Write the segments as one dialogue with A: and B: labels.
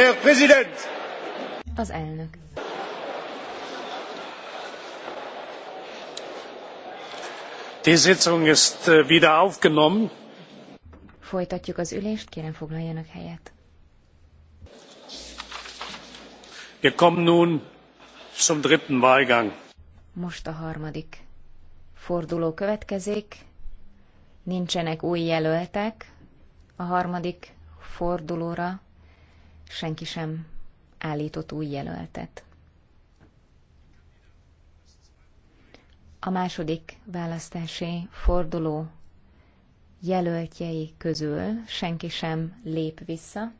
A: Herr Präsident!
B: Az elnök. Die
A: Sitzung ist äh, wieder aufgenommen.
B: Folytatjuk az ülést, kérem foglaljanak helyet.
A: Wir kommen nun zum dritten Wahlgang.
B: Most a harmadik forduló következik. Nincsenek új jelöltek a harmadik fordulóra senki sem állított új jelöltet. A második választási forduló jelöltjei közül senki sem lép vissza.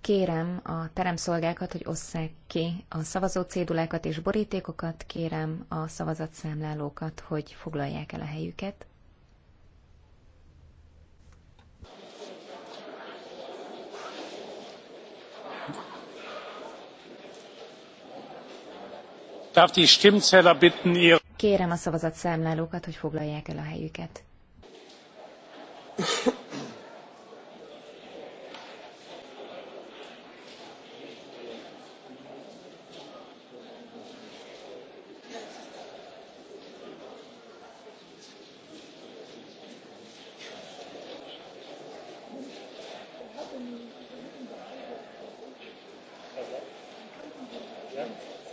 B: Kérem a teremszolgákat, hogy osszák ki a szavazó cédulákat és borítékokat, kérem a szavazatszámlálókat, hogy foglalják el a helyüket. Kérem a szavazatszámlálókat, hogy foglalják el a helyüket.